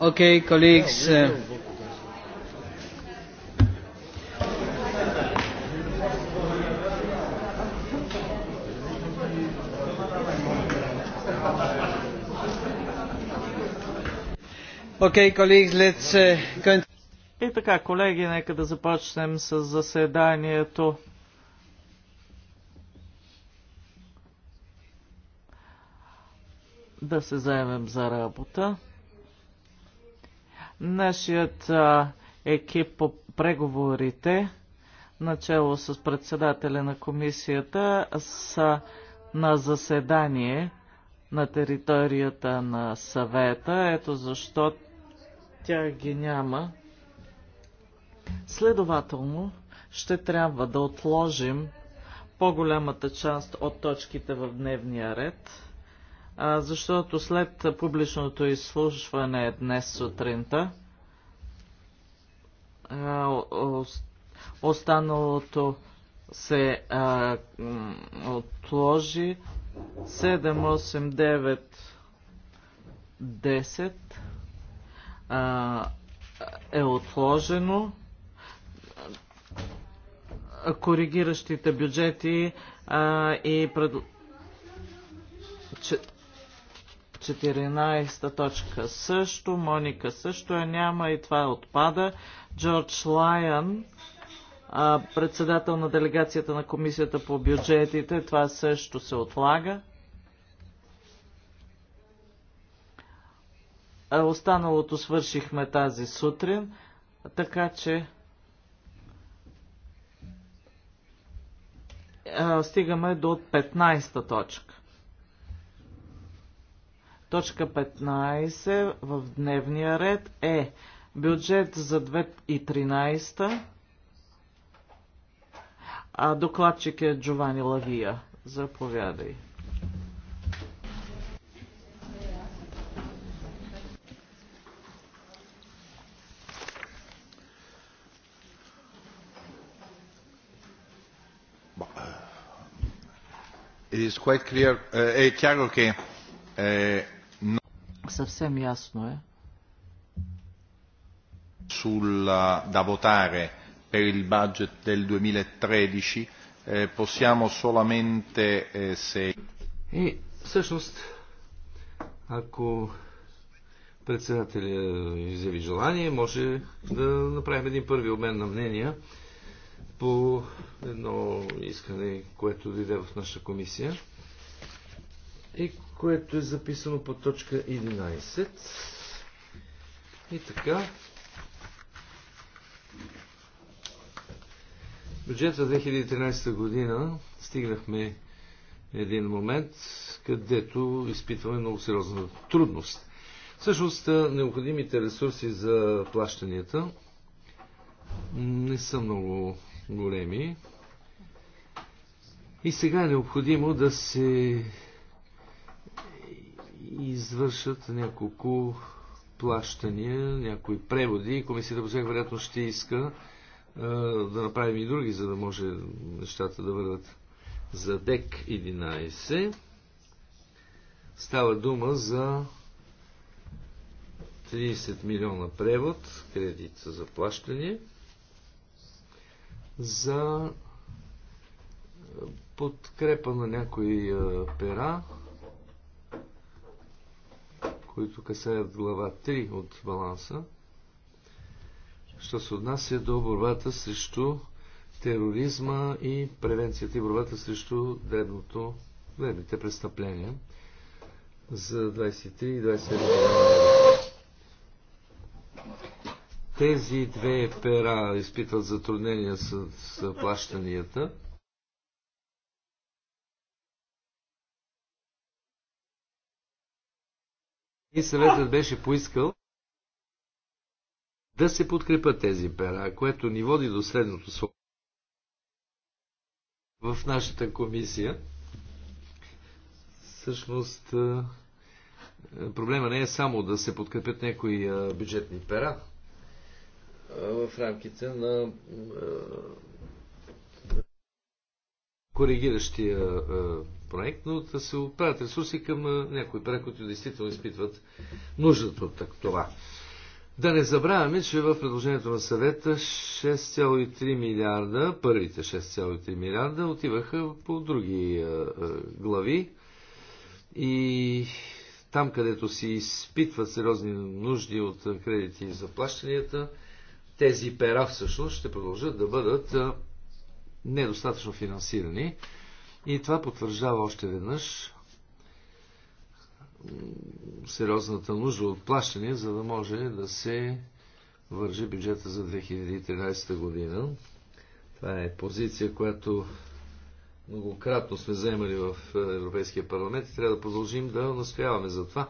okay, colleagues. Uh, okay, colleagues, let's uh, go. И така, колеги, нека да започнем с заседанието. да се заемем за работа. Нашият а, екип по преговорите, начало с председателя на комисията, са на заседание на територията на съвета. Ето защо тя ги няма. Следователно, ще трябва да отложим по-голямата част от точките в дневния ред защото след публичното изслушване днес сутринта, останалото се отложи 7, 8, 9, 10 е отложено. Коригиращите бюджети а, и пред... Че... 14 точка също, Моника също я няма и това е отпада. Джордж Лайън, председател на делегацията на комисията по бюджетите, това също се отлага. Останалото свършихме тази сутрин, така че стигаме до 15 точка. Точка 15 в дневния ред е бюджет за 2013. А докладчик е Джовани Лавия. Заповядай. Eh, it is quite clear, eh, chiaro che eh, eh съвсем ясно е. Sulla, da votare per il budget del 2013 eh, possiamo solamente eh, se... И всъщност, ако председателя изяви желание, може да направим един първи обмен на мнения по едно искане, което дойде в нашата комисия и което е записано по точка 11. И така. Бюджет за 2013 година стигнахме един момент, където изпитваме много сериозна трудност. Всъщност, необходимите ресурси за плащанията не са много големи. И сега е необходимо да се извършат няколко плащания, някои преводи. Комисията по всяка вероятно ще иска е, да направим и други, за да може нещата да върват. За ДЕК 11 става дума за 30 милиона превод, кредит за плащане, за е, подкрепа на някои е, пера, които касаят глава 3 от баланса, що се отнася до борбата срещу тероризма и превенцията и борбата срещу дребното, дребните престъпления за 23 и 27 Тези две пера изпитват затруднения с, с плащанията – И съветът беше поискал да се подкрепят тези пера, което ни води до следното слово. В нашата комисия всъщност проблема не е само да се подкрепят някои бюджетни пера в рамките на коригиращия проект, но да се отправят ресурси към някои проект, които действително изпитват нуждата от това. Да не забравяме, че в предложението на съвета 6,3 милиарда, първите 6,3 милиарда отиваха по други глави и там, където си изпитват сериозни нужди от кредити и заплащанията, тези пера всъщност ще продължат да бъдат недостатъчно финансирани и това потвърждава още веднъж сериозната нужда от плащане, за да може да се вържи бюджета за 2013 година. Това е позиция, която многократно сме заемали в Европейския парламент и трябва да продължим да настояваме за това.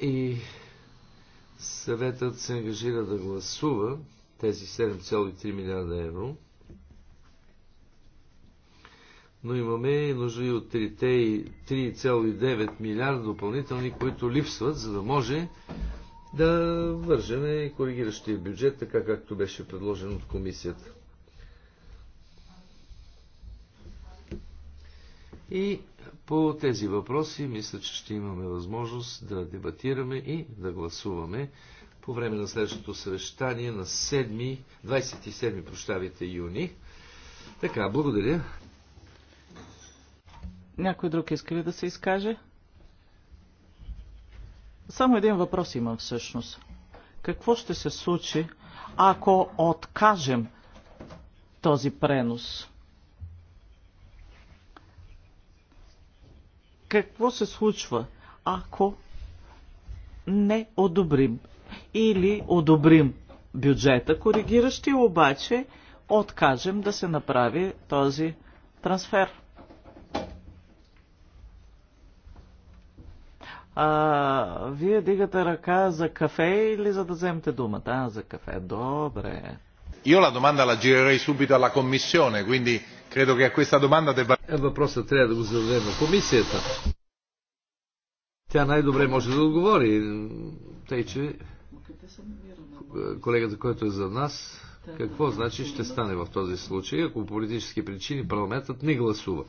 И съветът се ангажира да гласува тези 7,3 милиарда евро – но имаме нужда и от 3,9 милиарда допълнителни, които липсват, за да може да вържеме коригиращия бюджет, така както беше предложен от комисията. И по тези въпроси мисля, че ще имаме възможност да дебатираме и да гласуваме по време на следващото съвещание на 7, 27 прощавите юни. Така, благодаря. Някой друг иска ли да се изкаже? Само един въпрос имам всъщност. Какво ще се случи, ако откажем този пренос? Какво се случва, ако не одобрим или одобрим бюджета, коригиращи обаче откажем да се направи този трансфер? А, вие дигате ръка за кафе или за да вземете думата? А, за кафе. Добре. Io la domanda la girerei subito alla Commissione, quindi credo che a questa domanda debba... Е, въпросът трябва да го зададем на комисията. Тя най-добре може да отговори. Тъй, че колегата, който е за нас, какво значи ще стане в този случай, ако по политически причини парламентът не гласува?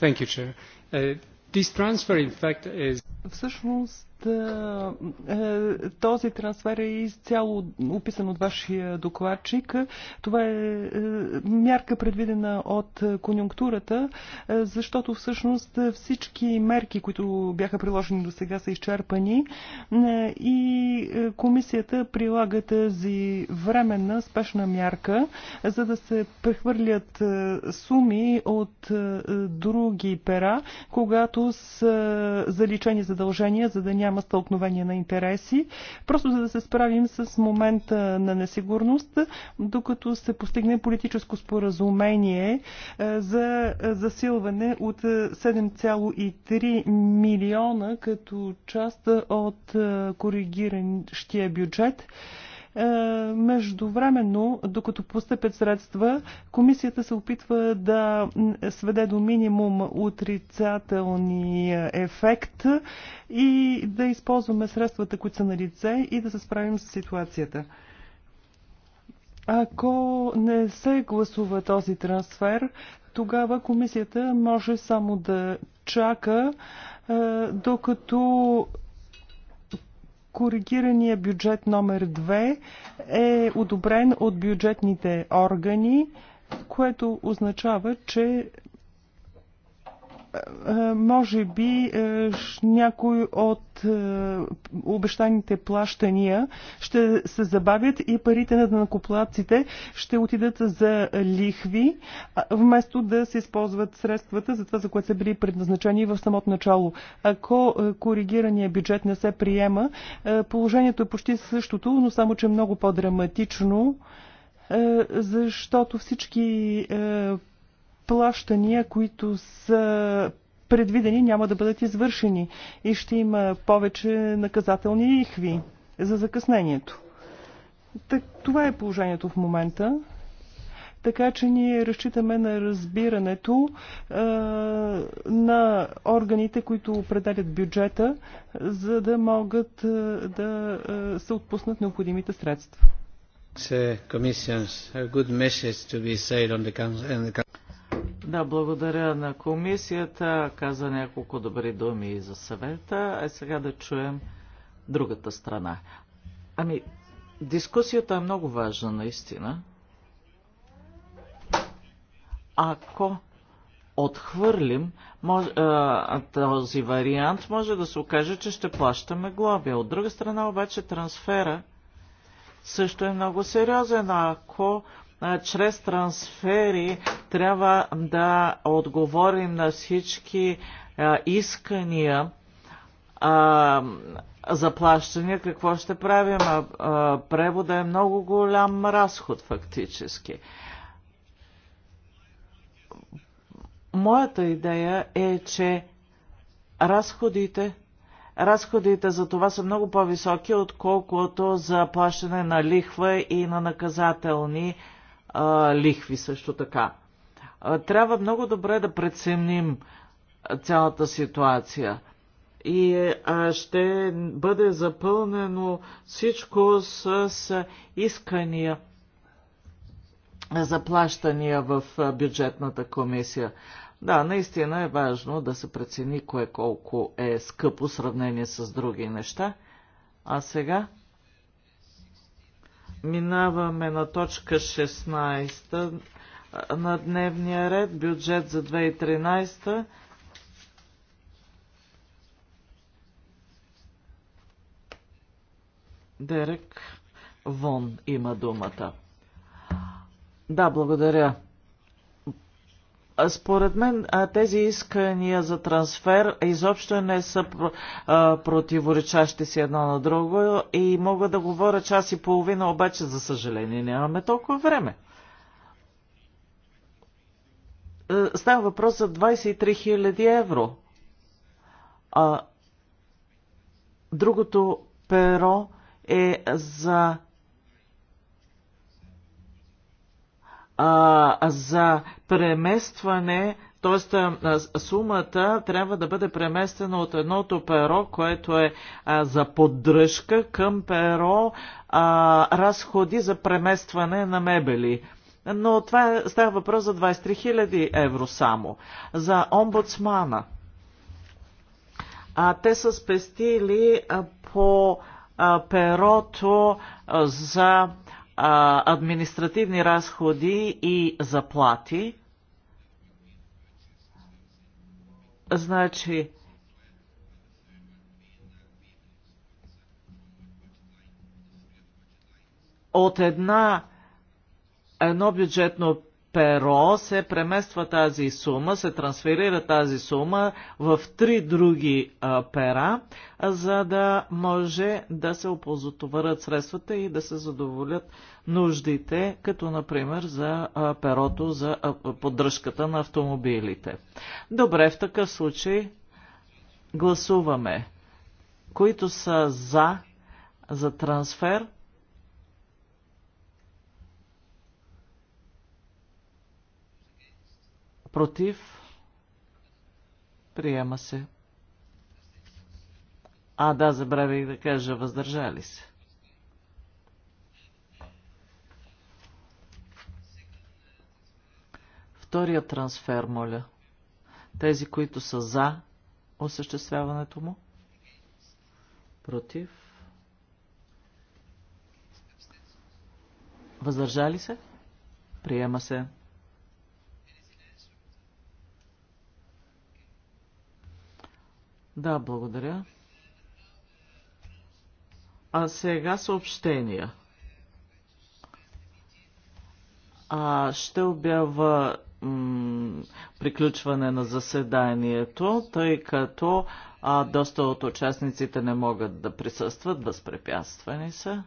Thank you, Chair. Е, This transfer, in fact, is... Всъщност, е, е, този трансфер е изцяло описан от вашия докладчик. Това е, е мярка предвидена от конюнктурата, защото всъщност всички мерки, които бяха приложени до сега, са изчерпани и комисията прилага тази временна спешна мярка, за да се прехвърлят суми от други пера, когато са заличени задължения, за да няма няма стълкновение на интереси, просто за да се справим с момента на несигурност, докато се постигне политическо споразумение е, за засилване от 7,3 милиона като част от е, коригиращия бюджет. Е, междувременно, докато постъпят средства, комисията се опитва да сведе до минимум отрицателния ефект и да използваме средствата, които са на лице и да се справим с ситуацията. Ако не се гласува този трансфер, тогава комисията може само да чака, е, докато Коригирания бюджет номер 2 е одобрен от бюджетните органи, което означава, че е, може би е, някои от е, обещаните плащания ще се забавят и парите на накоплаците ще отидат за лихви, вместо да се използват средствата за това, за което са били предназначени в самото начало. Ако коригирания бюджет не се приема, положението е почти същото, но само, че е много по-драматично защото всички плащания, които са предвидени, няма да бъдат извършени и ще има повече наказателни лихви за закъснението. Так, това е положението в момента. Така че ние разчитаме на разбирането е, на органите, които определят бюджета, за да могат е, да е, се отпуснат необходимите средства. Да, благодаря на комисията. Каза няколко добри думи и за съвета. А сега да чуем другата страна. Ами, дискусията е много важна, наистина. Ако отхвърлим мож, а, този вариант, може да се окаже, че ще плащаме глоби. От друга страна обаче трансфера също е много сериозен. Ако чрез трансфери трябва да отговорим на всички искания за плащания. Какво ще правим? Превода е много голям разход фактически. Моята идея е, че разходите разходите за това са много по-високи, отколкото за плащане на лихва и на наказателни а, лихви също така. А, трябва много добре да преценим цялата ситуация и а, ще бъде запълнено всичко с, с искания заплащания в бюджетната комисия. Да, наистина е важно да се прецени кое колко е скъпо в сравнение с други неща. А сега Минаваме на точка 16 на дневния ред, бюджет за 2013. Дерек Вон има думата. Да, благодаря, според мен тези искания за трансфер изобщо не са противоречащи си едно на друго и мога да говоря час и половина, обаче за съжаление нямаме толкова време. Е, става въпрос за 23 000 евро. А другото перо е за а, за преместване, т.е. сумата трябва да бъде преместена от едното перо, което е а, за поддръжка към перо а, разходи за преместване на мебели. Но това е, става въпрос за 23 000 евро само. За омбудсмана. А, те са спестили а, по а, перото а, за а, административни разходи и заплати. Значи, от една едно бюджетно перо се премества тази сума, се трансферира тази сума в три други а, пера, за да може да се опозотоварят средствата и да се задоволят нуждите, като например за а, перото за а, поддръжката на автомобилите. Добре, в такъв случай гласуваме, които са за, за трансфер Против. Приема се. А, да, забравих да кажа, въздържали се. Втория трансфер, моля. Тези, които са за осъществяването му. Против. Въздържали се? Приема се. Да, благодаря. А сега съобщения. А, ще обява приключване на заседанието, тъй като а, доста от участниците не могат да присъстват, възпрепятствани са.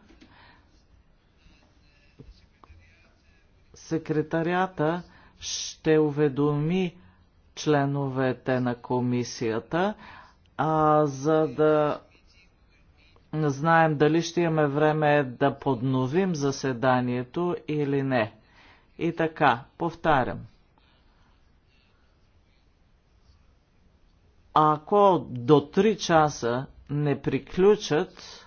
Секретарията ще уведоми членовете на комисията а, за да знаем дали ще имаме време да подновим заседанието или не. И така, повтарям. Ако до 3 часа не приключат,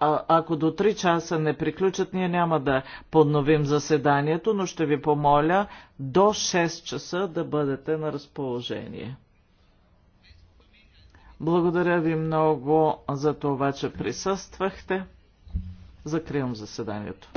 а, ако до 3 часа не приключат, ние няма да подновим заседанието, но ще ви помоля до 6 часа да бъдете на разположение. Благодаря ви много за това, че присъствахте. Закривам заседанието.